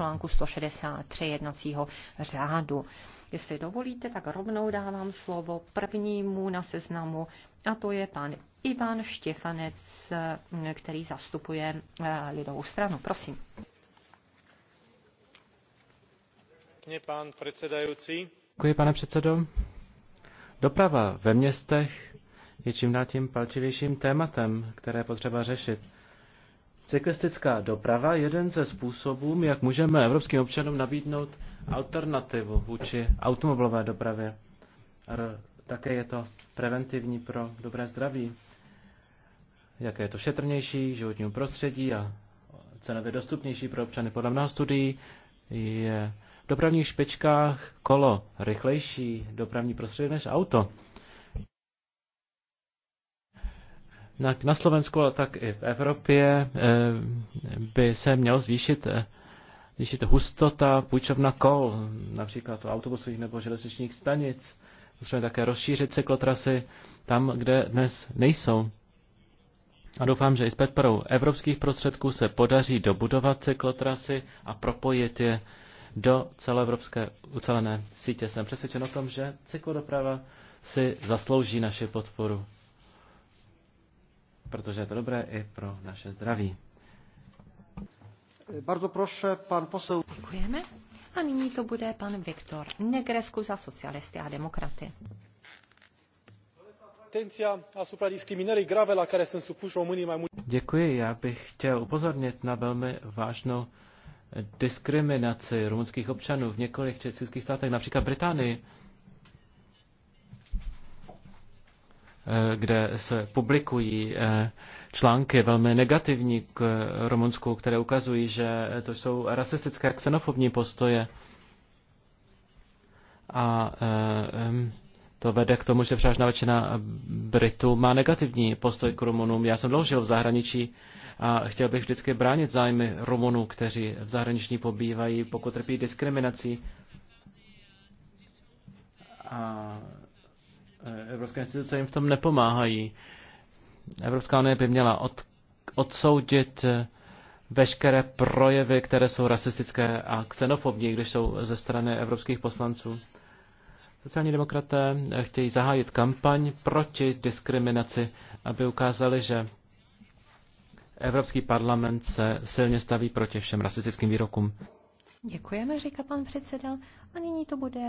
článku 163 jednacího řádu. Jestli dovolíte, tak rovnou dávám slovo prvnímu na seznamu a to je pan Ivan Štěfanec, který zastupuje eh, lidovou stranu. Prosím. Pán předsedající. Děkuji, pane předsedo. Doprava ve městech je čím dál tím palčivějším tématem, které potřeba řešit. Cyklistická doprava je jeden ze způsobů, jak můžeme evropským občanům nabídnout alternativu vůči automobilové dopravě. Také je to preventivní pro dobré zdraví. Jaké je to šetrnější životní prostředí a cenově dostupnější pro občany. Podle mnoha studií je v dopravních špičkách kolo rychlejší dopravní prostředí než auto. tak na Slovensku, ale tak i v Evropě eh, by se měl zvýšit eh, zvýšit hustota půjčovna kol, například u autobusových nebo železničních stanic. Musíme také rozšířit cyklotrasy tam, kde dnes nejsou. A doufám, že i s podporou evropských prostředků se podaří dobudovat cyklotrasy a propojit je do celoevropské ucelené sítě. Jsem přesvědčen o tom, že cyklodoprava si zaslouží naši podporu protože je to dobré i pro naše zdraví. Eh, bardzo proszę, pan poseł. Děkujeme. A nyní to bude pan Viktor Negresku za socialisty a demokraty. Děkuji, já bych chtěl upozornit na velmi vážnou diskriminaci rumunských občanů v několik českých státech, například Británii Eh, kde se publikují eh, články velmi negativní k Rumunsku, které ukazují, že to jsou rasistické a xenofobní postoje. A eh, to vede k tomu, že převážná většina Britů má negativní postoj k Rumunům. Já jsem dlouho žil v zahraničí a chtěl bych vždycky bránit zájmy Rumunů, kteří v zahraničí pobývají, pokud trpí diskriminací. A Eh, evropské instituce jim v tom nepomáhají. Evropská unie by měla od, odsoudit eh, veškeré projevy, které jsou rasistické a xenofobní, když jsou ze strany evropských poslanců. Sociální demokraté eh, chtějí zahájit kampaň proti diskriminaci, aby ukázali, že Evropský parlament se silně staví proti všem rasistickým výrokům. Děkujeme, říká pan předseda. A nyní to bude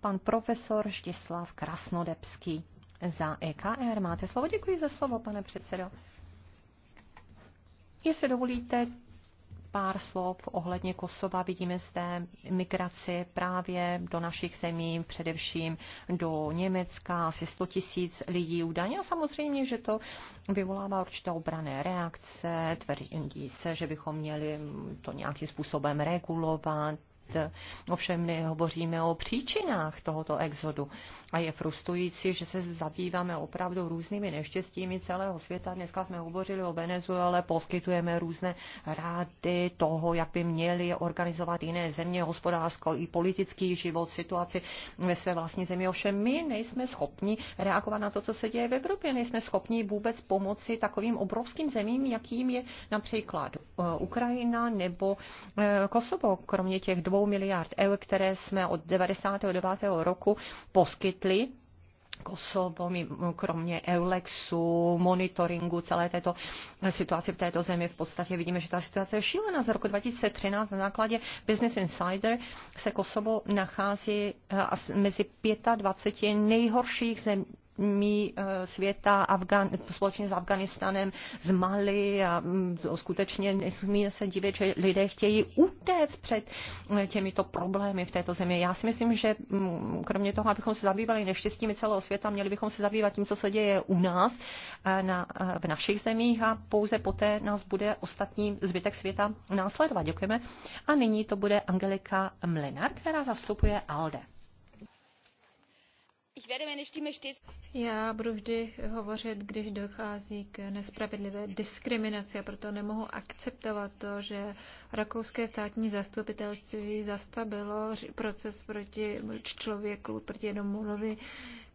pan profesor Štislav Krasnodebský za EKR. Máte slovo. Děkuji za slovo, pane předsedo. Jestli dovolíte, pár slov ohledně Kosova. Vidíme zde migraci právě do našich zemí, především do Německa, asi 100 tisíc lidí údajně. A samozřejmě, že to vyvolává určité obrané reakce, tvrdí se, že bychom měli to nějakým způsobem regulovat, Ovšem my hovoříme o příčinách tohoto exodu a je frustrující, že se zabýváme opravdu různými neštěstími celého světa. Dneska jsme hovořili o Venezuele, poskytujeme různé rády toho, jak by měli organizovat jiné země, hospodářsko i politický život, situaci ve své vlastní zemi. Ovšem my nejsme schopni reagovat na to, co se děje v Evropě. Nejsme schopni vůbec pomoci takovým obrovským zemím, jakým je například eh, Ukrajina nebo eh, Kosovo. Kromě těch dvou 2 miliard eur, které jsme od 99. roku poskytli Kosovo, kromě Eulexu, monitoringu celé této situace v této zemi. V podstatě vidíme, že ta situace je šílená. Z roku 2013 na základě Business Insider se Kosovo nachází eh, mezi 25 nejhorších zemí zemí eh, světa Afgan, společně s Afganistanem, z Mali a mm, skutečně nesmíme se divit, že lidé chtějí utéct před eh, těmito problémy v této zemi. Já si myslím, že mm, kromě toho, abychom se zabývali neštěstími celého světa, měli bychom se zabývat tím, co se děje u nás eh, na, v našich zemích a pouze poté nás bude ostatní zbytek světa následovat. Děkujeme. A nyní to bude Angelika Mlinar, která zastupuje ALDE. Já budu vždy hovořit, když dochází k nespravedlivé diskriminaci a proto nemohu akceptovat to, že rakouské státní zastupitelství zastavilo proces proti člověku, proti jednomu mluvi,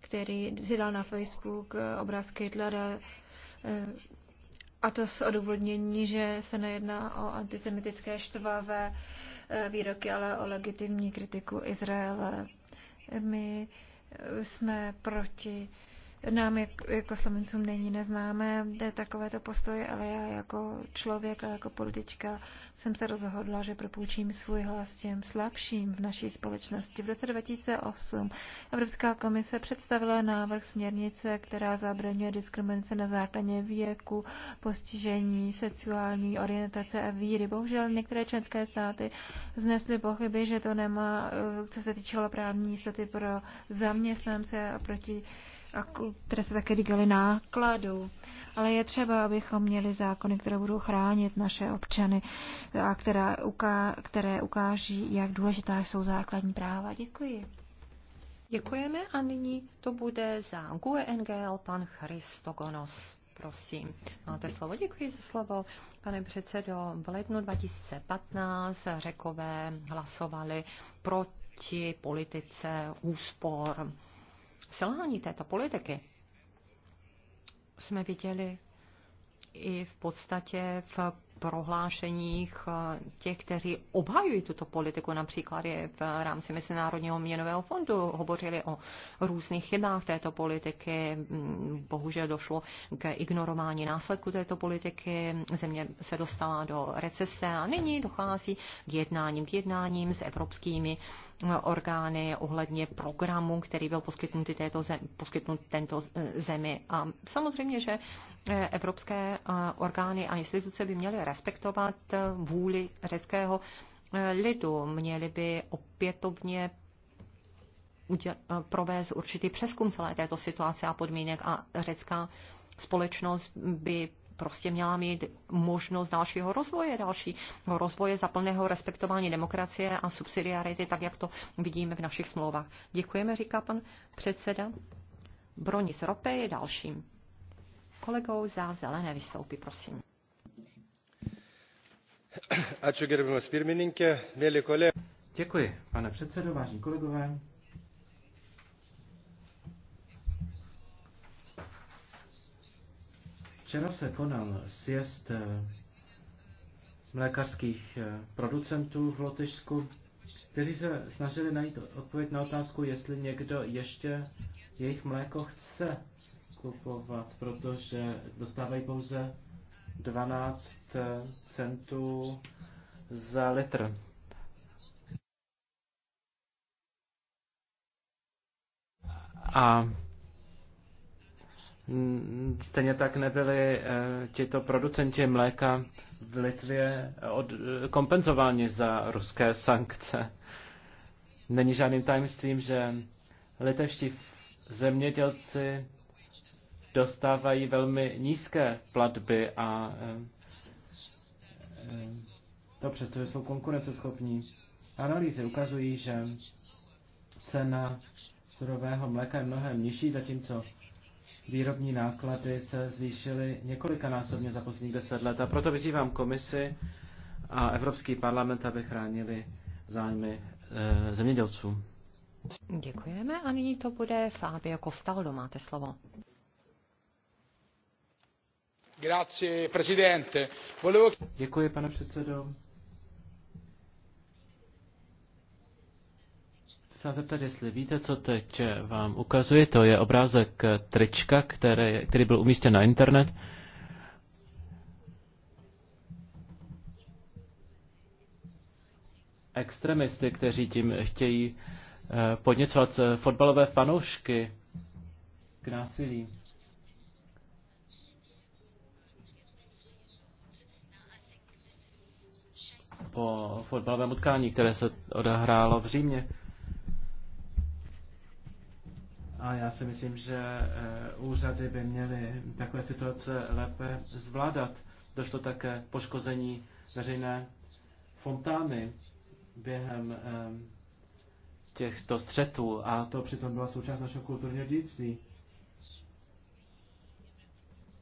který si dal na Facebook eh, obrázky Hitlera eh, a to s odůvodnění, že se nejedná o antisemitické štvavé eh, výroky, ale o legitimní kritiku Izraele. My jsme proti nám jako Slovencům není neznámé eh, takovéto postoje, ale já jako člověk a jako politička jsem se rozhodla, že propůjčím svůj hlas těm slabším v naší společnosti. V roce 2008 Evropská komise představila návrh směrnice, která zabraňuje diskriminaci na základě věku, postižení, sexuální orientace a víry. Bohužel některé členské státy znesly pochyby, že to nemá, eh, co se týčilo právní jistoty pro zaměstnance a proti a které se také říkaly nákladů. Ale je třeba, abychom měli zákony, které budou chránit naše občany a která uká, které ukáží, jak důležitá jsou základní práva. Děkuji. Děkujeme a nyní to bude za GUE NGL pan Christogonos. Prosím, máte slovo. Děkuji za slovo. Pane předsedo, v lednu 2015 řekové hlasovali proti politice úspor selhání této politiky jsme viděli i v podstatě v prohlášeních eh, těch, kteří obhajují tuto politiku, například je v rámci Mezinárodního měnového fondu hovořili o různých chybách této politiky. Mm, bohužel došlo k ignorování následku této politiky. Země se dostala do recese a nyní dochází k jednáním, k jednáním s evropskými eh, orgány ohledně programu, který byl poskytnut, této zem, poskytnut tento eh, zemi. A samozřejmě, že evropské orgány a instituce by měly respektovat vůli řeckého eh, lidu. Měli by opětovně eh, provést určitý přeskum celé této situace a podmínek a řecká společnost by prostě měla mít možnost dalšího rozvoje, dalšího rozvoje za plného respektování demokracie a subsidiarity, tak jak to vidíme v našich smlouvách. Děkujeme, říká pan předseda. Bronis Rope je dalším kolegou za zelené vystoupí, prosím. Děkuji, pane předsedo, vážení kolegové. Včera se konal sjezd eh, mlékařských eh, producentů v Lotyšsku, kteří se snažili najít odpověď na otázku, jestli někdo ještě jejich mléko chce kupovat, protože dostávají pouze 12 centů za litr. A stejně tak nebyli eh, tito producenti mléka v Litvě eh, od, eh, kompenzováni za ruské sankce. Není žádným tajemstvím, že litevští zemědělci dostávají velmi nízké platby a e, e, to přesto, že jsou konkurenceschopní. Analýzy ukazují, že cena surového mléka je mnohem nižší, zatímco výrobní náklady se zvýšily několikanásobně za posledních deset let. A proto vyzývám komisi a Evropský parlament, aby chránili zájmy e, zemědělců. Děkujeme a nyní to bude Fábio Kostaldo, máte slovo. Děkuji, pane předsedo. Chci se zeptat, jestli víte, co teď vám ukazuji. To je obrázek trička, který, který byl umístěn na internet. Extremisty, kteří tím chtějí eh, podněcovat eh, fotbalové fanoušky k násilí. po fotbalovém utkání, které se odehrálo v Římě. A já si myslím, že eh, úřady by měly takové situace lépe zvládat. Došlo také poškození veřejné fontány během eh, těchto střetů a to přitom byla součást našeho kulturního dědictví.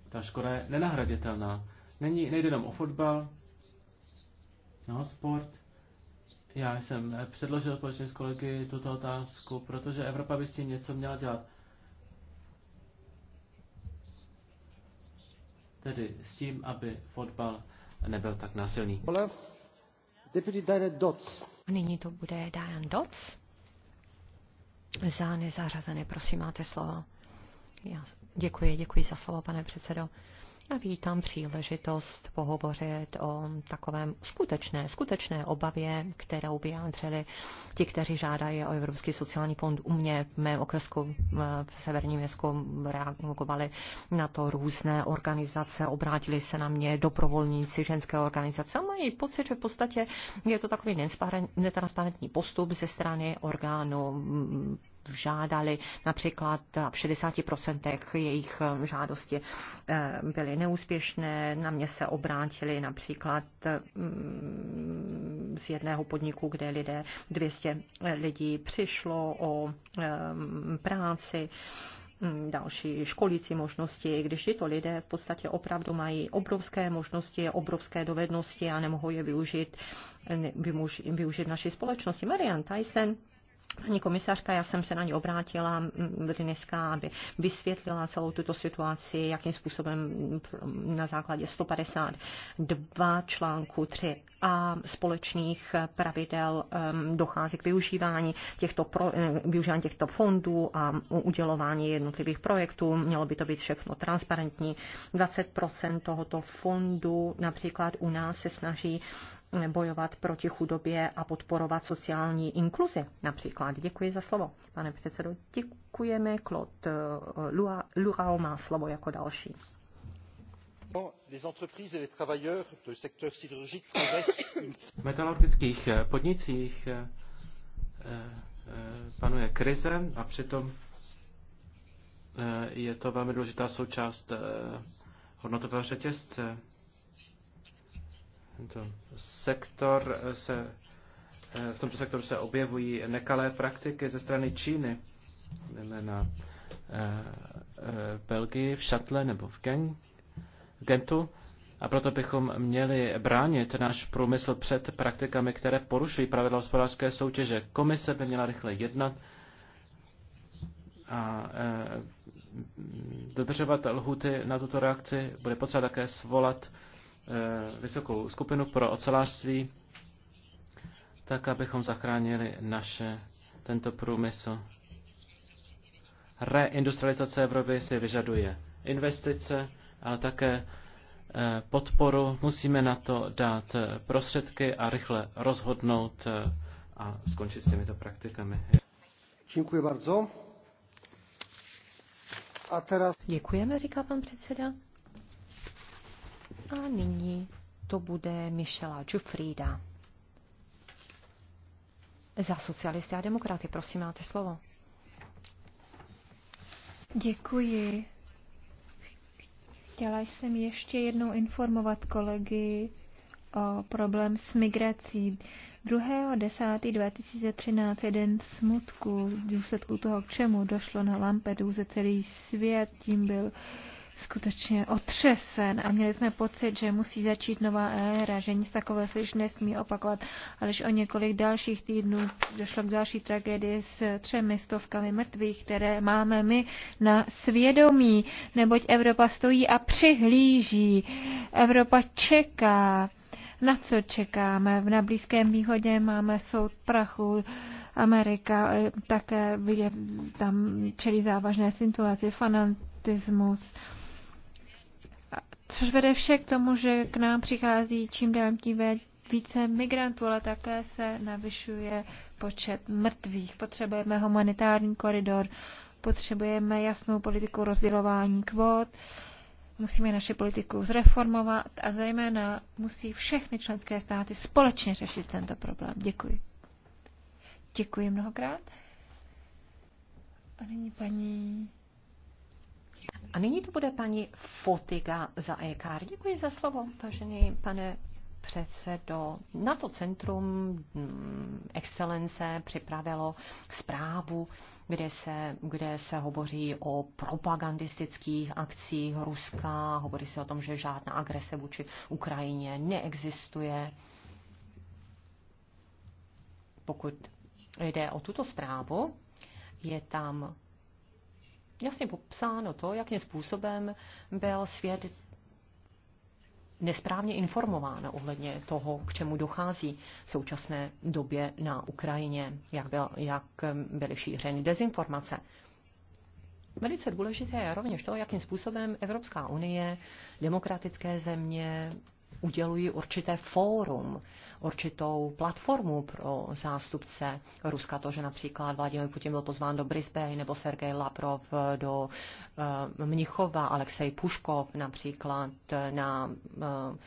Ta škoda je nenahraditelná. Není, nejde jenom o fotbal, no, sport. Já jsem předložil společně s kolegy tuto otázku, protože Evropa by s tím něco měla dělat. Tedy s tím, aby fotbal nebyl tak násilný. Nyní to bude Diane Dots. Za nezařazené, prosím, máte slovo. Já děkuji, děkuji za slovo, pane předsedo a vítám příležitost pohovořit o takovém skutečné, skutečné obavě, kterou vyjádřili ti, kteří žádají o Evropský sociální fond u mě v mém okresku eh, v Severním městku reagovali na to různé organizace, obrátili se na mě dobrovolníci ženské organizace a mají pocit, že v podstatě je to takový netransparentní postup ze strany orgánu žádali například v 60% jejich eh, žádosti eh, byly neúspěšné. Na mě se obrátili například mm, z jedného podniku, kde lidé, 200 eh, lidí přišlo o práci mm, další školící možnosti, když tyto lidé v podstatě opravdu mají obrovské možnosti, obrovské dovednosti a nemohou je využít, využít v naší společnosti. Marian Tyson Paní komisařka, já jsem se na ní obrátila dneska, aby vysvětlila celou tuto situaci, jakým způsobem na základě 152 článku 3 a společných pravidel dochází k využívání těchto, pro, využívání těchto fondů a udělování jednotlivých projektů. Mělo by to být všechno transparentní. 20 tohoto fondu například u nás se snaží bojovat proti chudobě a podporovat sociální inkluzi. Například děkuji za slovo. Pane předsedo, děkujeme. Claude eh, Lurao má slovo jako další. V metalurgických eh, podnicích eh, panuje krize a přitom je to velmi důležitá součást hodnotového řetězce tento sektor se, eh, v tomto sektoru se objevují nekalé praktiky ze strany Číny, na eh, eh, Belgii, v Šatle nebo v Gen, Gentu. A proto bychom měli bránit náš průmysl před praktikami, které porušují pravidla hospodářské soutěže. Komise by měla rychle jednat a dodržovat lhuty na tuto reakci. Bude potřeba také svolat Eh, vysokou skupinu pro ocelářství, tak abychom zachránili naše, tento průmysl. Reindustrializace Evropy si vyžaduje investice, ale také eh, podporu. Musíme na to dát eh, prostředky a rychle rozhodnout a skončit s těmito praktikami. Děkuji bardzo. A teraz... Děkujeme, říká pan předseda. A nyní to bude Michela Jufrida. Za socialisty a demokraty, prosím, máte slovo. Děkuji. Chtěla jsem ještě jednou informovat kolegy o problém s migrací. 2.10.2013 jeden smutku v důsledku toho, k čemu došlo na Lampedu, ze celý svět, tím byl uh, skutečně otřesen a měli jsme pocit, že musí začít nová éra, že nic takového se již nesmí opakovat. Ale o několik dalších týdnů došlo k další tragédii s třemi stovkami mrtvých, které máme my na svědomí, neboť Evropa stojí a přihlíží. Evropa čeká. Na co čekáme? V na Blízkém východě máme soud prachu, Amerika eh, také je tam čelí závažné situaci, fanatismus což vede vše k tomu, že k nám přichází čím dál tím více migrantů, ale také se navyšuje počet mrtvých. Potřebujeme humanitární koridor, potřebujeme jasnou politiku rozdělování kvót, musíme naši politiku zreformovat a zejména musí všechny členské státy společně řešit tento problém. Děkuji. Děkuji mnohokrát. A nyní paní a nyní to bude paní Fotiga za EKR. Děkuji za slovo, vážený pane předsedo. Na to centrum mm, excelence připravilo zprávu, kde se, kde se hovoří o propagandistických akcích Ruska, hovoří se o tom, že žádná agrese vůči Ukrajině neexistuje. Pokud jde o tuto zprávu, je tam jasně popsáno to, jakým způsobem byl svět nesprávně informována ohledně toho, k čemu dochází v současné době na Ukrajině, jak, byl, jak byly šířeny dezinformace. Velice důležité je rovněž to, jakým způsobem Evropská unie, demokratické země udělují určité fórum určitou platformu pro zástupce Ruska. To, že například Vladimir Putin byl pozván do Brisbane nebo Sergej Laprov do eh, Mnichova, Alexej Puškov například na eh,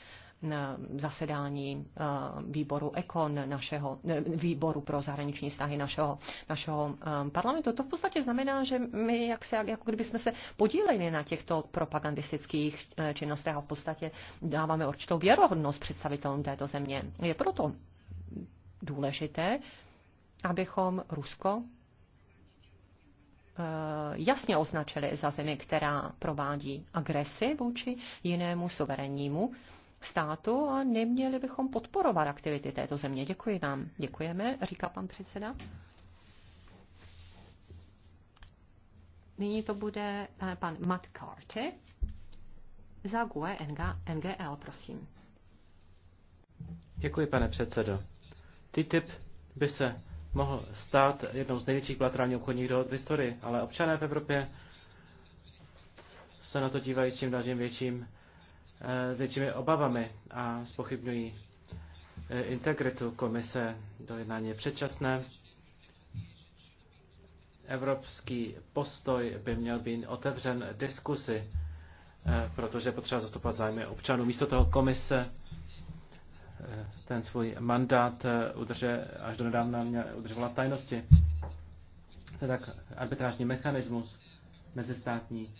zasedání eh, výboru ECON, našeho, eh, výboru pro zahraniční vztahy našeho, našeho eh, parlamentu. To v podstatě znamená, že my jak se, jako kdyby jsme se podíleli na těchto propagandistických činnostech a v podstatě dáváme určitou věrohodnost představitelům této země. Je proto důležité, abychom Rusko jasně označili za zemi, která provádí agresi vůči jinému suverénnímu státu a neměli bychom podporovat aktivity této země. Děkuji vám. Děkujeme, říká pan předseda. Nyní to bude eh, pan Matt Carty za GUE NGL, prosím. Děkuji, pane předsedo. TTIP by se mohl stát jednou z největších bilaterálních obchodních dohod v historii, ale občané v Evropě se na to dívají s čím dál větším Eh, většími obavami a spochybňují eh, integritu komise. do jednání předčasné. Evropský postoj by měl být otevřen diskusi, eh, protože potřeba zastupovat zájmy občanů. Místo toho komise ten svůj mandát udrže, až do nedávna mě udržovala v tajnosti. To je tak arbitrážní mechanismus mezistátní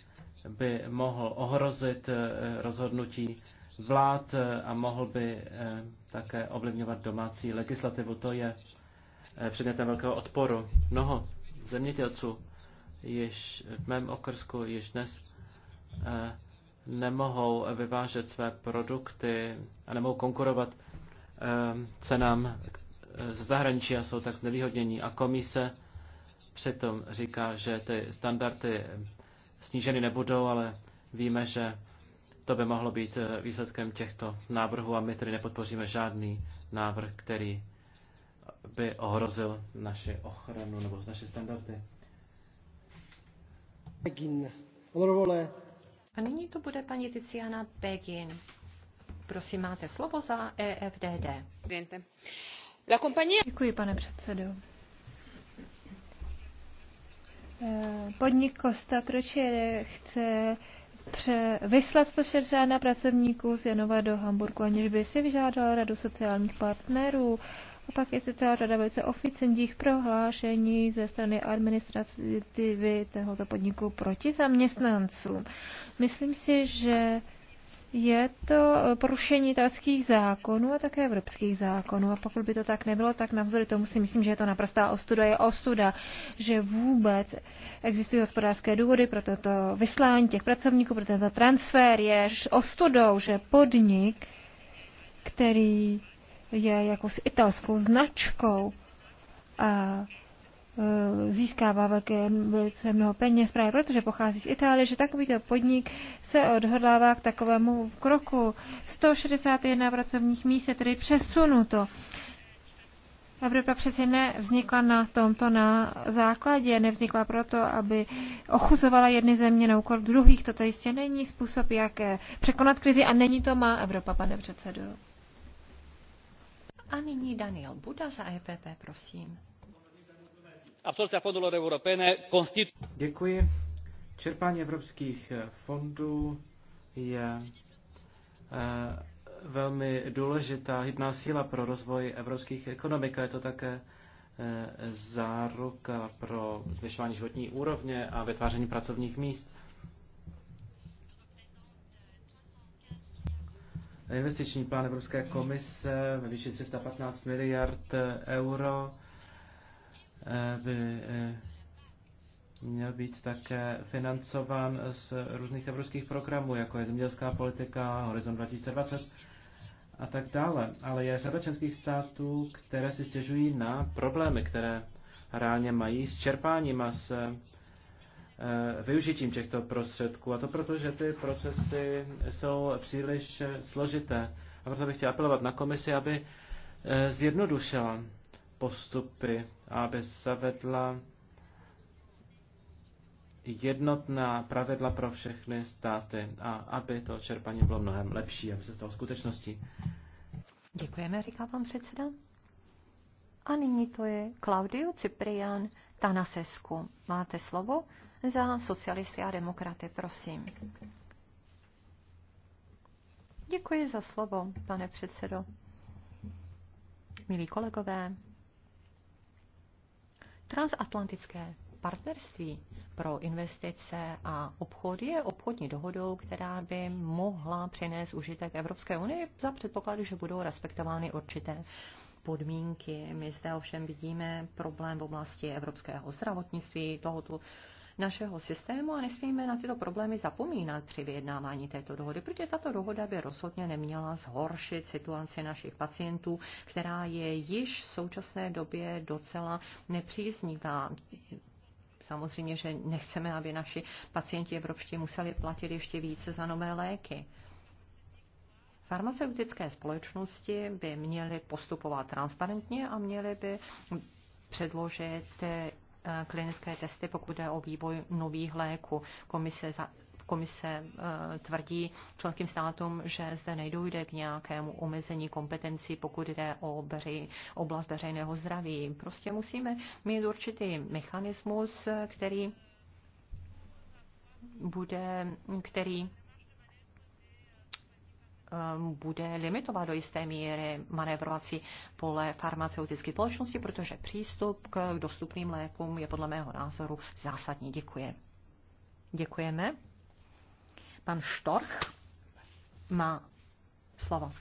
by mohl ohrozit eh, rozhodnutí vlád eh, a mohl by eh, také ovlivňovat domácí legislativu. To je předmětem velkého odporu. Mnoho zemědělců již v mém okrsku již dnes nemohou vyvážet své produkty a nemohou konkurovat cenám ze zahraničí a jsou tak znevýhodnění. A komise přitom říká, že ty standardy sníženy nebudou, ale víme, že to by mohlo být eh, výsledkem těchto návrhů a my tedy nepodpoříme žádný návrh, který by ohrozil naši ochranu nebo naše standardy. A nyní to bude paní Tiziana Begin. Prosím, máte slovo za EFDD. Děkuji, pane předsedo podnik Costa Crociere chce pře- vyslat 161 pracovníků z Janova do Hamburgu, aniž by si vyžádala radu sociálních partnerů. A pak je celá řada velice oficiálních prohlášení ze strany administrativy tohoto podniku proti zaměstnancům. Myslím si, že je to eh, porušení italských zákonů a také evropských zákonů. A pokud by to tak nebylo, tak navzory tomu si myslím, že je to naprostá ostuda. Je ostuda, že vůbec existují hospodářské důvody pro toto vyslání těch pracovníků, pro tento transfer. Je ostudou, že podnik, který je jakousi italskou značkou a Eh, získává velké, velice mnoho peněz právě protože pochází z Itálie, že takovýto podnik se odhodlává k takovému kroku. 161 pracovních míst je tedy přesunuto. Evropa přeci nevznikla na tomto na základě, nevznikla proto, aby ochuzovala jedny země na úkor druhých. Toto jistě není způsob, jak eh, překonat krizi a není to má Evropa, pane předsedo. A nyní Daniel Buda za EPP, prosím absorpția fondurilor europene constituie... Čerpání evropských eh, fondů je eh, velmi důležitá hybná síla pro rozvoj evropských ekonomik a je to také eh, záruka pro zvyšování životní úrovně a vytváření pracovních míst. Investiční plán Evropské komise ve výši 315 miliard euro Eh, by eh, měl být také financován z různých evropských programů, jako je zemědělská politika, Horizon 2020 a tak dále. Ale je řada členských států, které si stěžují na problémy, které reálně mají s čerpáním a s eh, využitím těchto prostředků. A to proto, že ty procesy jsou příliš složité. A proto bych chtěl apelovat na komisi, aby zjednodušila postupy, aby zavedla jednotná pravidla pro všechny státy a aby to čerpání bylo mnohem lepší, aby se stalo skutečností. Děkujeme, říká pan předseda. A nyní to je Claudio Ciprian Tanasescu. Máte slovo za socialisty a demokraty, prosím. Děkuji za slovo, pane předsedo. Milí kolegové, Transatlantické partnerství pro investice a obchod je obchodní dohodou, která by mohla přinést užitek Evropské unii za předpokladu, že budou respektovány určité podmínky. My zde ovšem vidíme problém v oblasti evropského zdravotnictví, tohoto našeho systému a nesmíme na tyto problémy zapomínat při vyjednávání této dohody, protože tato dohoda by rozhodně neměla zhoršit situaci našich pacientů, která je již v současné době docela nepříznivá. Samozřejmě, že nechceme, aby naši pacienti evropští museli platit ještě více za nové léky. Farmaceutické společnosti by měly postupovat transparentně a měly by předložit Eh, klinické testy, pokud jde o vývoj nových léků. Komise za komise eh, tvrdí členským státům, že zde nejdůjde k nějakému omezení kompetencí, pokud jde o beři, oblast veřejného zdraví. Prostě musíme mít určitý mechanismus, který bude, který Um, bude limitovat do jisté míry manévrovací pole farmaceutické společnosti, protože přístup k dostupným lékům je podle mého názoru zásadní. Děkuji. Děkujeme. Pan Štorch má slovo.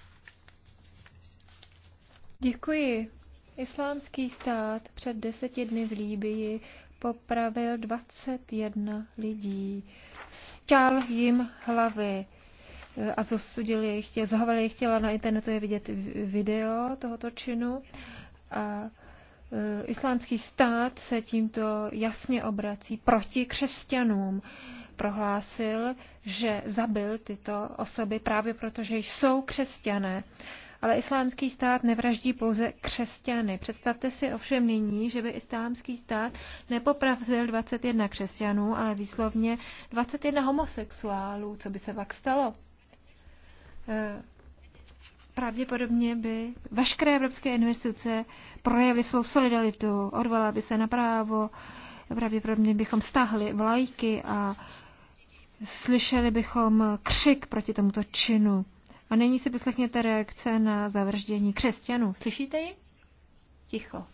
Děkuji. Islámský stát před deseti dny v Líbii popravil 21 lidí. Stěl jim hlavy a zosudili jejich těla, zahovali jejich těla. Na internetu je vidět video tohoto činu a e, islámský stát se tímto jasně obrací proti křesťanům. Prohlásil, že zabil tyto osoby právě proto, že jsou křesťané. Ale islámský stát nevraždí pouze křesťany. Představte si ovšem nyní, že by islámský stát nepopravil 21 křesťanů, ale výslovně 21 homosexuálů. Co by se pak stalo? pravděpodobně by veškeré evropské investice projevily svou solidaritu, odvala by se na právo, pravděpodobně bychom stáhli vlajky a slyšeli bychom křik proti tomuto činu. A nyní si vyslechněte reakce na zavrždění křesťanů. Slyšíte ji? Ticho.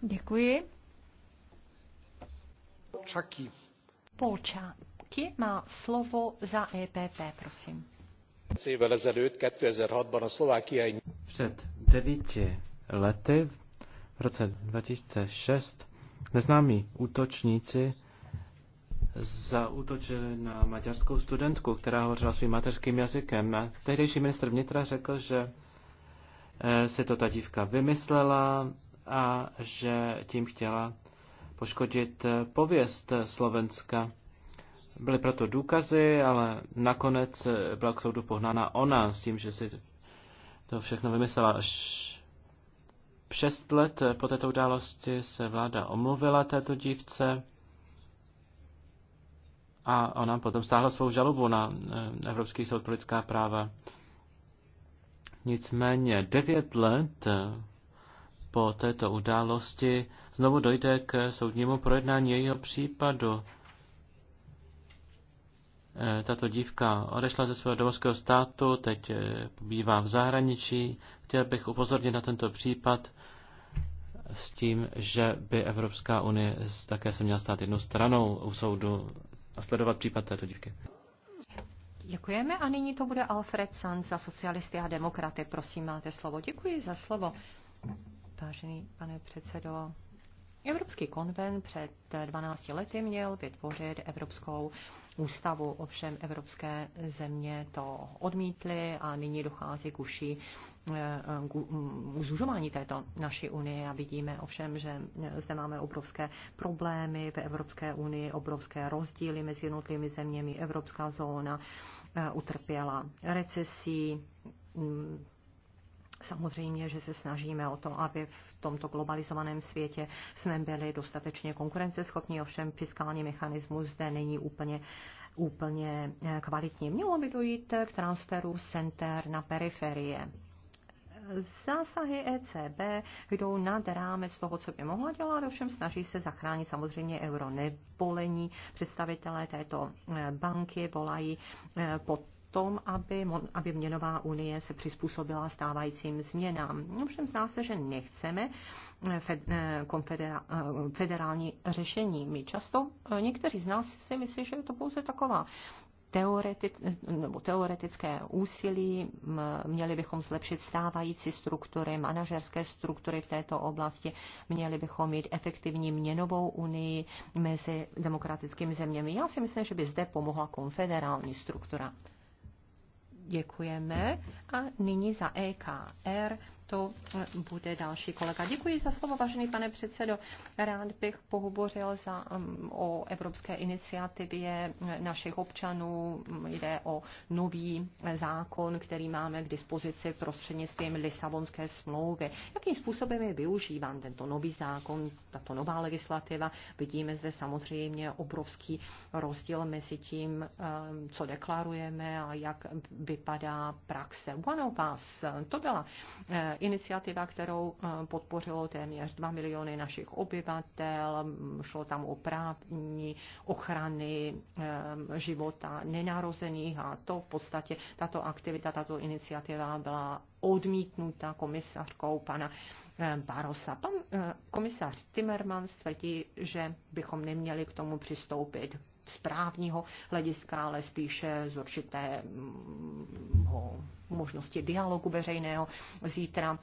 Děkuji. Čaky. Polčák. Ki má slovo za EPP, prosím? Před devíti lety, v roce 2006, neznámí útočníci zaútočili na maďarskou studentku, která hovořila svým mateřským jazykem. A tehdejší ministr vnitra řekl, že eh, se to ta dívka vymyslela a že tím chtěla poškodit eh, pověst Slovenska. Byly proto důkazy, ale nakonec eh, byla k soudu pohnána ona s tím, že si to všechno vymyslela až Šest let eh, po této události se vláda omluvila této dívce a ona potom stáhla svou žalobu na eh, Evropský soud pro lidská práva. Nicméně devět let po této události znovu dojde k soudnímu projednání jejího případu. Eh, tato dívka odešla ze svého domovského státu, teď eh, bývá v zahraničí. Chtěl bych upozornit na tento případ s tím, že by Evropská unie také se měla stát jednou stranou u soudu a sledovat případ této dívky. Děkujeme a nyní to bude Alfred Sanz za socialisty a demokraty. Prosím, máte slovo. Děkuji za slovo. Vážený pane předsedo, Evropský konvent před 12 lety měl vytvořit Evropskou ústavu, ovšem evropské země to odmítly a nyní dochází k uší eh, eh, k zužování této naší unie a vidíme ovšem, že zde máme obrovské problémy v Evropské unii, obrovské rozdíly mezi jednotlivými zeměmi. Evropská zóna eh, utrpěla recesí, mm, Samozřejmě, že se snažíme o to, aby v tomto globalizovaném světě jsme byli dostatečně konkurenceschopní, ovšem fiskální mechanismus zde není úplně úplně eh, kvalitní. Mělo by dojít k transferu center na periferie. Zásahy ECB jdou nad rámec toho, co by mohla dělat, ovšem snaží se zachránit samozřejmě euro. Nepolení představitelé této eh, banky volají eh, pod tom, aby, aby měnová unie se přizpůsobila stávajícím změnám. Ovšem zdá se, že nechceme eh, eh, eh, federální řešení. My často, někteří z nás si myslí, že je to pouze taková teoretic, nebo teoretické úsilí. Měli bychom zlepšit stávající struktury, manažerské struktury v této oblasti. Měli bychom mít efektivní měnovou unii mezi demokratickými zeměmi. Já si myslím, že by zde pomohla konfederální struktura. Děkujeme. A nyní za EKR to eh, bude další kolega. Děkuji za slovo, vážený pane předsedo. Rád bych pohovořil za, mm, o evropské iniciativě eh, našich občanů. Jde o nový eh, zákon, který máme k dispozici prostřednictvím Lisabonské smlouvy. Jakým způsobem je využíván tento nový zákon, tato nová legislativa? Vidíme zde samozřejmě obrovský rozdíl mezi tím, co deklarujeme a jak vypadá praxe. One of Us, to byla iniciativa, kterou eh, podpořilo téměř 2 miliony našich obyvatel. Šlo tam o právní ochrany eh, života nenarozených a to v podstatě tato aktivita, tato iniciativa byla odmítnuta komisařkou pana eh, Barosa. Pan komisař Timmermans tvrdí, že bychom neměli k tomu přistoupit z právního hlediska, ale spíše z určitého možnosti dialogu veřejného. Zítra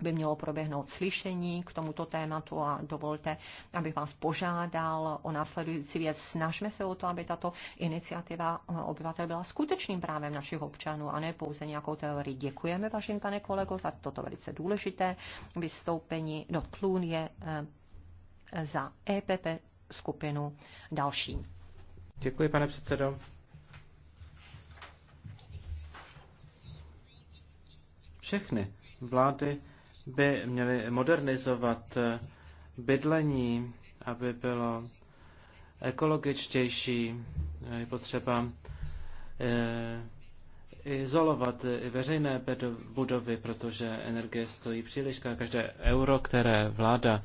by mělo proběhnout slyšení k tomuto tématu a dovolte, abych vás požádal o následující věc. Snažme se o to, aby tato iniciativa obyvatel byla skutečným právem našich občanů a ne pouze nějakou teorii. Děkujeme, vážený pane kolego, za toto velice důležité vystoupení. do no, Klun je eh, za EPP skupinu další. Děkuji, pane předsedo. Všechny vlády by měly modernizovat eh, bydlení, aby bylo ekologičtější, eh, je potřeba eh, izolovat i veřejné budovy, protože energie stojí příliš. Každé euro, které vláda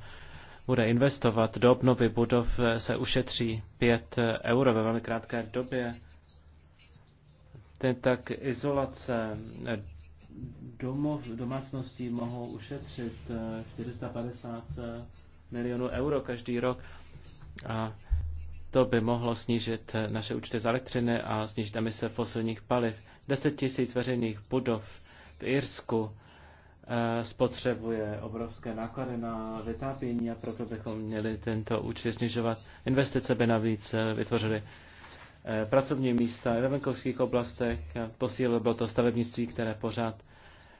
bude investovat do obnovy budov, se ušetří 5 euro ve velmi krátké době. Ten tak izolace domov, domácnosti mohou ušetřit 450 eh, eh, milionů euro každý rok a to by mohlo snížit eh, naše účty za elektřiny a snížit emise fosilních paliv. 10 tisíc veřejných budov v Irsku spotřebuje obrovské náklady na vytápění a proto bychom měli tento účet snižovat. Investice by navíc vytvořily Eh, pracovní místa ve venkovských oblastech, posílilo bylo to stavebnictví, které pořád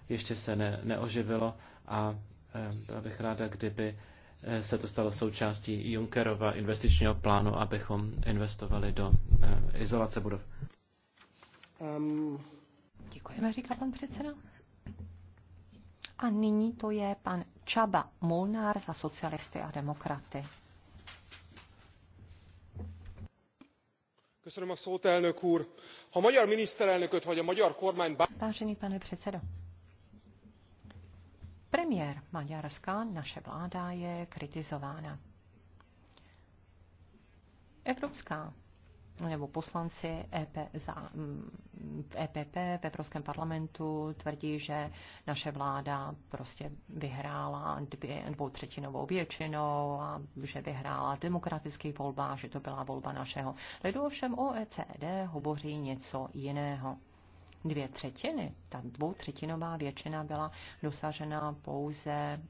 ještě se ne, neoživilo a eh, byla bych ráda, kdyby eh, se to stalo součástí Junckerova investičního plánu, abychom investovali do izolace budov. Um. Děkujeme, říká pan předseda. A nyní to je pan Čaba Molnár za socialisty a demokraty. vážený pane předsedo premiér maďarska naše vláda je kritizována. evropská nebo poslanci EP, za, v EPP, v Evropském parlamentu, tvrdí, že naše vláda prostě vyhrála dvě, třetinovou většinou a že vyhrála demokratický volba, že to byla volba našeho lidu. Ovšem OECD hovoří něco jiného. Dvě třetiny, ta dvoutřetinová většina byla dosažena pouze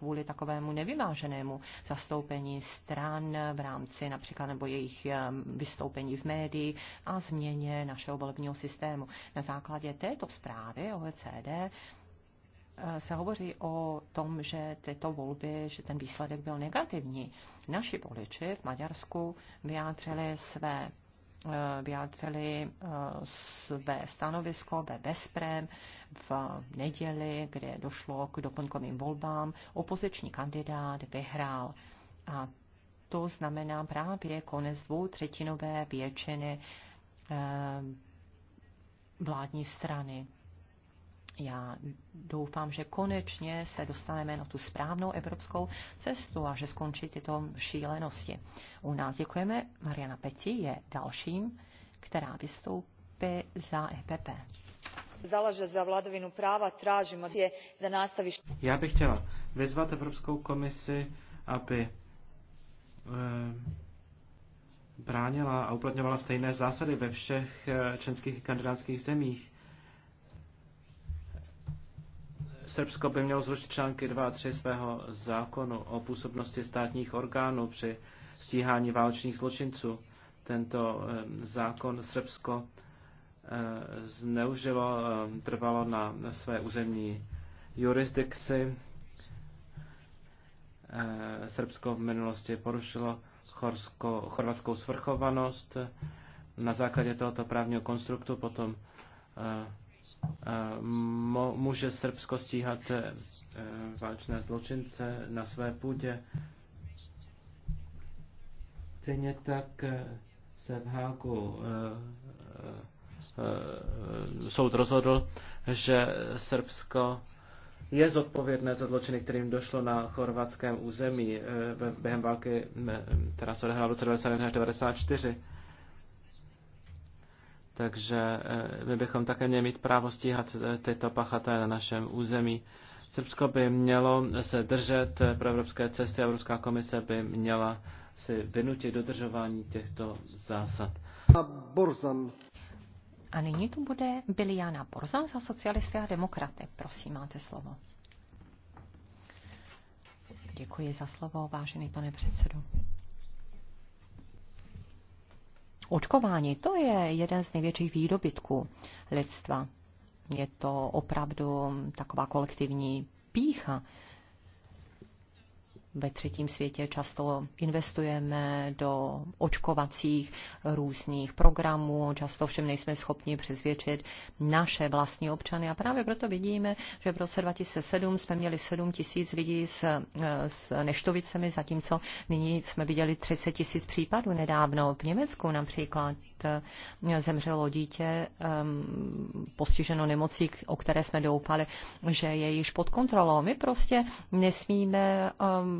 kvůli takovému nevyváženému zastoupení stran v rámci například nebo jejich eh, vystoupení v médii a změně našeho volebního systému. Na základě této zprávy OECD eh, se hovoří o tom, že tyto volby, že ten výsledek byl negativní. Naši voliči v Maďarsku vyjádřili své Eh, vyjádřili eh, své stanovisko ve Vesprem v neděli, kde došlo k doplňkovým volbám. Opoziční kandidát vyhrál. A to znamená právě konec dvou třetinové většiny eh, vládní strany. Já doufám, že konečně se dostaneme na tu správnou evropskou cestu a že skončí tyto šílenosti. U nás děkujeme. Mariana Peti je dalším, která vystoupí za EPP. Zalaže za vladovinu práva, trážím od je, da nastaviš. Já bych chtěla vyzvat Evropskou komisi, aby eh, bránila a uplatňovala stejné zásady ve všech eh, členských kandidátských zemích Srbsko by mělo zrušit články 2 a 3 svého zákonu o působnosti státních orgánů při stíhání válečných zločinců. Tento zákon Srbsko eh, zneužilo, trvalo na své územní jurisdikci. Eh, Srbsko v minulosti porušilo chorsko, chorvatskou svrchovanost. Na základě tohoto právního konstruktu potom eh, Eh, může Srbsko stíhat eh, válečné zločince na své půdě. Stejně tak eh, se v Háku soud rozhodl, že Srbsko je zodpovědné za zločiny, kterým došlo na chorvatském území během války, která se odehrála v roce 1994. Takže eh, my bychom také měli mít právo stíhat eh, tyto pachatelé na našem území. Srbsko by mělo se držet eh, pro evropské cesty a Evropská komise by měla si vynutit dodržování těchto zásad. A Borzan. A nyní tu bude Biliana Borzan za socialisty a demokraty. Prosím, máte slovo. Děkuji za slovo, vážený pane předsedo. Očkování, to je jeden z největších výdobytků lidstva. Je to opravdu taková kolektivní pícha, ve třetím světě často investujeme do očkovacích různých programů, často všem nejsme schopni přesvědčit naše vlastní občany. A právě proto vidíme, že v roce 2007 jsme měli 7 tisíc lidí s, s neštovicemi, zatímco nyní jsme viděli 30 tisíc případů nedávno. V Německu například eh, zemřelo dítě eh, postiženo nemocí, o které jsme doufali, že je již pod kontrolou. My prostě nesmíme um,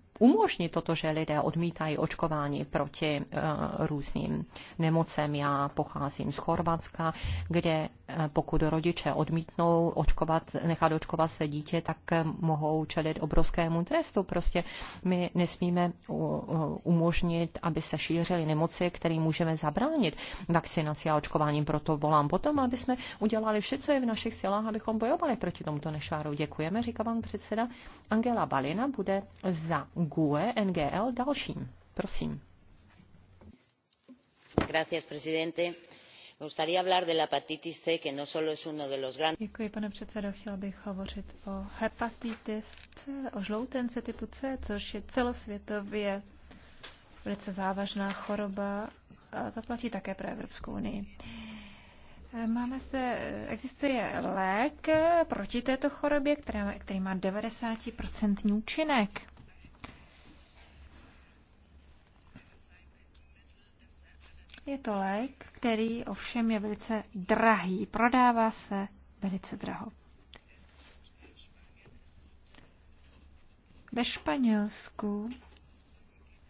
umožnit toto, že lidé odmítají očkování proti eh, různým nemocem. Já pocházím z Chorvatska, kde eh, pokud rodiče odmítnou očkovat, nechat očkovat své dítě, tak eh, mohou čelit obrovskému trestu. Prostě my nesmíme umožnit, aby se šířily nemoci, které můžeme zabránit vakcinací a očkováním. Proto volám potom, aby jsme udělali vše, co je v našich silách, abychom bojovali proti tomuto nešváru. Děkujeme, říká vám předseda. Angela Balina bude za GUE NGL dalším. Prosím. Gracias, presidente. Me gustaría hablar de la hepatitis C, que no solo es uno de los grandes. Děkuji, pane předsedo. Chtěla bych hovořit o hepatitis C, o žloutence typu C, což je celosvětově velice závažná choroba a zaplatí také pro Evropskou unii. Máme se, existuje lék proti této chorobě, který má 90% účinek. Je to lék, který ovšem je velice drahý. Prodává se velice draho. Ve Španělsku,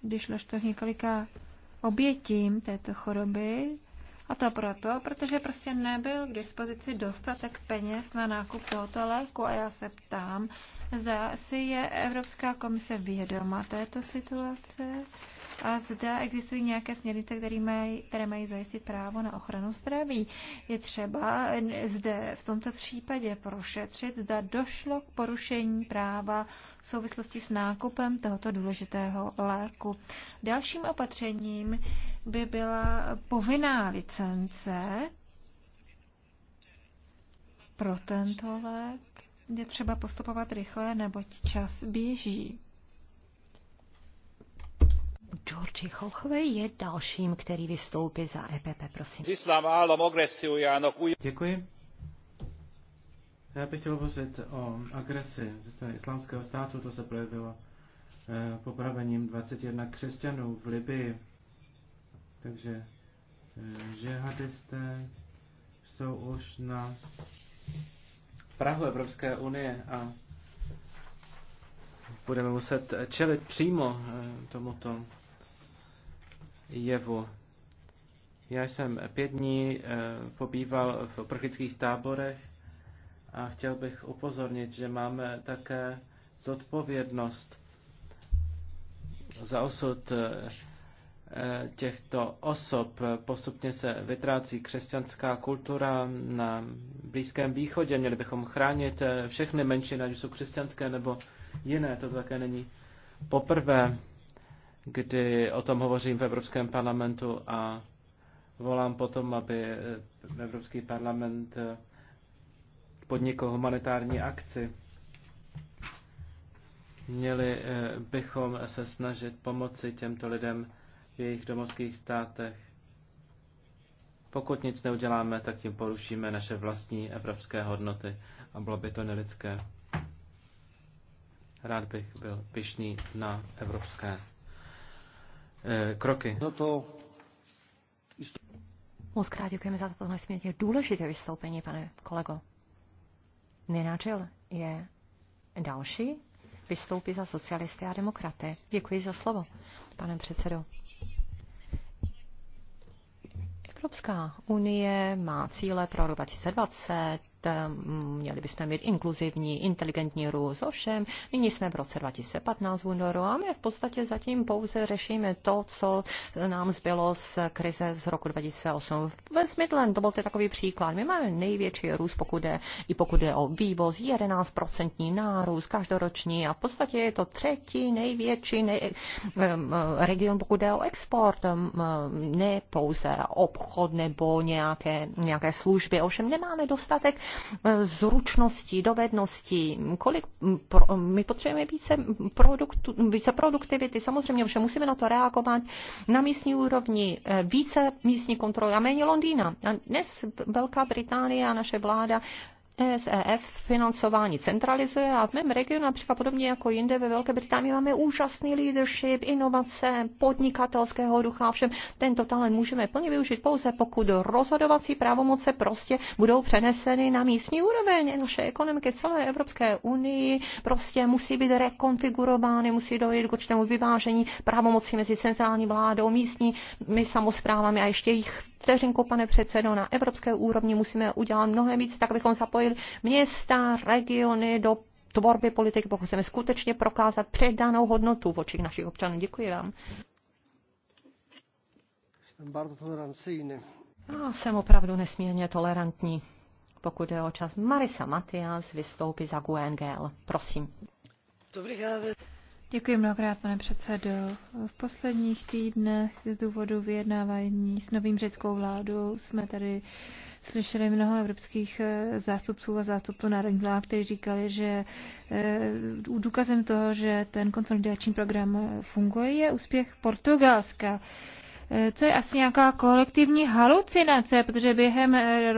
když došlo k několika obětím této choroby, a to proto, protože prostě nebyl k dispozici dostatek peněz na nákup tohoto léku a já se ptám, zda si je Evropská komise vědoma této situace a zda existují nějaké směrnice, které mají, které mají zajistit právo na ochranu zdraví. Je třeba zde v tomto případě prošetřit, zda došlo k porušení práva v souvislosti s nákupem tohoto důležitého léku. Dalším opatřením by byla povinná licence pro tento lék. Je třeba postupovat rychle, neboť čas běží. Georgi Chochve je dalším, který vystoupí za EPP, prosím. Islám állam agresiójának új... Děkuji. Já bych chtěl hovořit o agresi ze strany islámského státu, to se projevilo eh, popravením 21 křesťanů v Libii. Takže eh, žihadisté jsou už na Prahu Evropské unie a budeme muset čelit přímo eh, tomuto jevu. Já jsem pět dní eh, pobýval v prchlických táborech a chtěl bych upozornit, že máme také zodpovědnost za osud eh, těchto osob. Postupně se vytrácí křesťanská kultura na Blízkém východě. Měli bychom chránit eh, všechny menšiny, ať jsou křesťanské nebo jiné. To také není poprvé kdy o tom hovořím v Evropském parlamentu a volám potom, aby eh, Evropský parlament eh, podnikl humanitární akci. Měli eh, bychom se snažit pomoci těmto lidem v jejich domovských státech. Pokud nic neuděláme, tak tím porušíme naše vlastní evropské hodnoty a bylo by to nelidské. Rád bych byl pišný na evropské Eh, kroky. No Moc krát děkujeme za toto nesmírně důležité vystoupení, pane kolego. Nenáčel je další, vystoupí za socialisty a demokraty. Děkuji za slovo, pane předsedo. Evropská unie má cíle pro rok 2020, měli bychom mít inkluzivní, inteligentní růst. Ovšem, nyní jsme v roce 2015 v únoru a my v podstatě zatím pouze řešíme to, co nám zbylo z krize z roku 2008. Ve Smidlen, to byl takový příklad. My máme největší růst, pokud je, i pokud je o vývoz, 11% nárůst každoroční a v podstatě je to třetí největší nej, eh, eh, region, pokud je o export, eh, ne pouze obchod nebo nějaké, nějaké služby. Ovšem nemáme dostatek zručností, dovedností, kolik pro, my potřebujeme více, produktu, více produktivity, samozřejmě, že musíme na to reagovat na místní úrovni, eh, více místní kontroly a méně Londýna. A dnes Velká Británie a naše vláda ESEF financování centralizuje a v mém regionu, například podobně jako jinde ve Velké Británii, máme úžasný leadership, inovace, podnikatelského ducha, a všem tento talent můžeme plně využít pouze, pokud rozhodovací právomoce prostě budou přeneseny na místní úroveň. Naše ekonomiky celé Evropské unii prostě musí být rekonfigurovány, musí dojít k určitému vyvážení právomocí mezi centrální vládou, místními samozprávami a ještě jich vteřinku, pane předsedo, na evropské úrovni musíme udělat mnohem víc, tak abychom zapojili města, regiony do tvorby politiky, pokud chceme skutečně prokázat předanou hodnotu v očích našich občanů. Děkuji vám. Já jsem opravdu nesmírně tolerantní, pokud je o čas. Marisa Matias vystoupí za GUNGL. Prosím. Děkuji mnohokrát, pane předsedo. V posledních týdnech z důvodu vyjednávání s novým řeckou vládou jsme tady slyšeli mnoho evropských eh, zástupců a zástupců národních vlád, kteří říkali, že eh, důkazem toho, že ten konsolidační program eh, funguje, je úspěch Portugalska. Eh, co je asi nějaká kolektivní halucinace, protože během eh,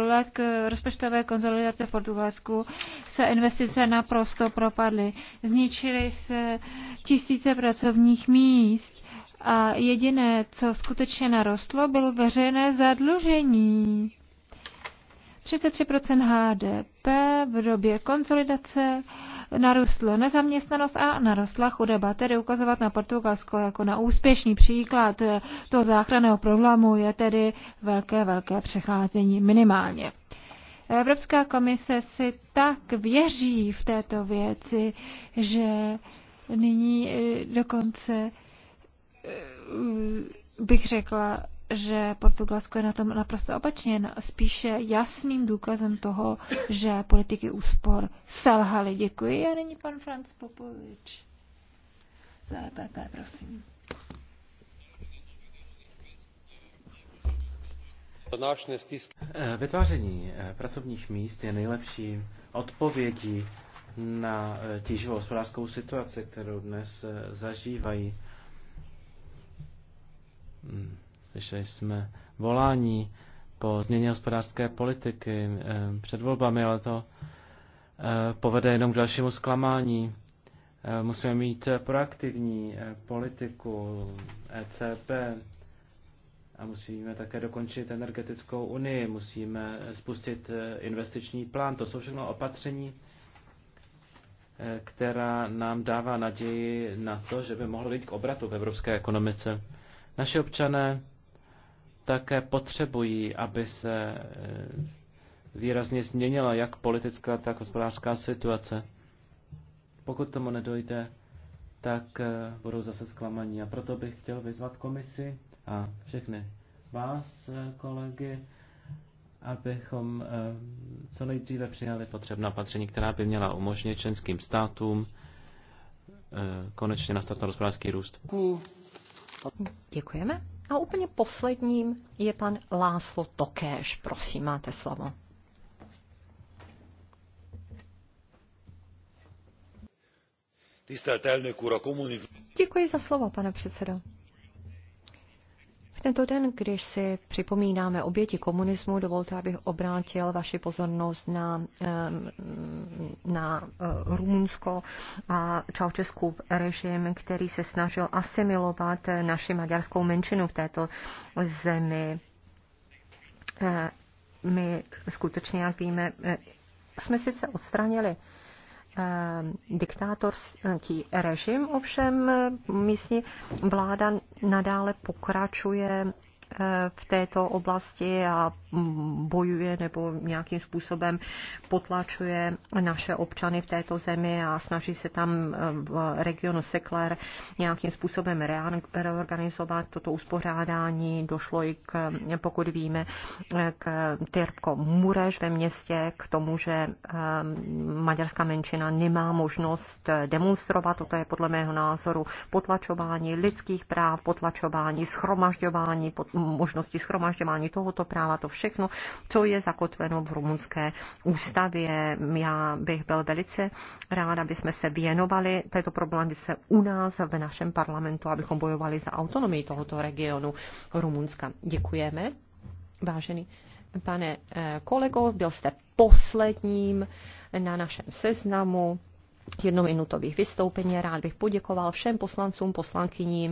rozpočtové konsolidace v Portugalsku se investice naprosto propadly. Zničily se tisíce pracovních míst a jediné, co skutečně narostlo, bylo veřejné zadlužení. 33% HDP v době konsolidace narostlo nezaměstnanost a narostla chudoba. Tedy ukazovat na Portugalsko jako na úspěšný příklad toho záchranného problému je tedy velké, velké přecházení minimálně. Evropská komise si tak věří v této věci, že nyní eh, dokonce eh, bych řekla, že Portugalsko je na tom naprosto opačně, spíše jasným důkazem toho, že politiky úspor selhaly. Děkuji a není pan Franc Popovič. Za EPP, prosím. Vytváření eh, pracovních míst je nejlepší odpovědí na eh, tíživou hospodářskou situaci, kterou dnes eh, zažívají. Hmm. Slyšeli jsme volání po změně hospodářské politiky eh, před volbami, ale to eh, povede jenom k dalšímu zklamání. Eh, musíme mít proaktivní politiku ECB a musíme také dokončit energetickou unii, musíme spustit investiční plán. To jsou všechno opatření, která nám dává naději na to, že by mohlo dojít k obratu v evropské ekonomice. Naši občané také potřebují, aby se e, výrazně změnila jak politická, tak hospodářská situace. Pokud tomu nedojde, tak e, budou zase zklamaní. A proto bych chtěl vyzvat komisi a všechny vás, e, kolegy, abychom co nejdříve přijali potřebná opatření, která by měla umožnit členským státům konečně nastartovat hospodářský růst. Děkujeme. A úplně posledním je pan Láslo Tokéš. Prosím, máte slovo. Děkuji za slovo, pane předsedo. Tento den, když si připomínáme oběti komunismu, dovolte, abych obrátil vaši pozornost na, na eh, Rumunsko a Čaučeskou režim, který se snažil asimilovat naši maďarskou menšinu v této zemi. Eh, my skutečně, jak víme, eh, jsme sice odstranili Eh, diktátorský režim, ovšem místní vláda nadále pokračuje v této oblasti a bojuje nebo nějakým způsobem potlačuje naše občany v této zemi a snaží se tam eh, v regionu Sekler nějakým způsobem reorganizovat toto uspořádání. Došlo i k, pokud víme, eh, k Tyrko Mureš ve městě, k tomu, že eh, maďarská menšina nemá možnost demonstrovat. Toto je podle mého názoru potlačování lidských práv, potlačování, schromažďování, pot, možnosti schromažďování tohoto práva, to všechno, co je zakotveno v rumunské ústavě. Já bych byl velice rád, aby jsme se věnovali této problematice u nás v našem parlamentu, abychom bojovali za autonomii tohoto regionu Rumunska. Děkujeme, vážený pane eh, kolego, byl jste posledním na našem seznamu jednominutových vystoupení. Rád bych poděkoval všem poslancům, poslankyním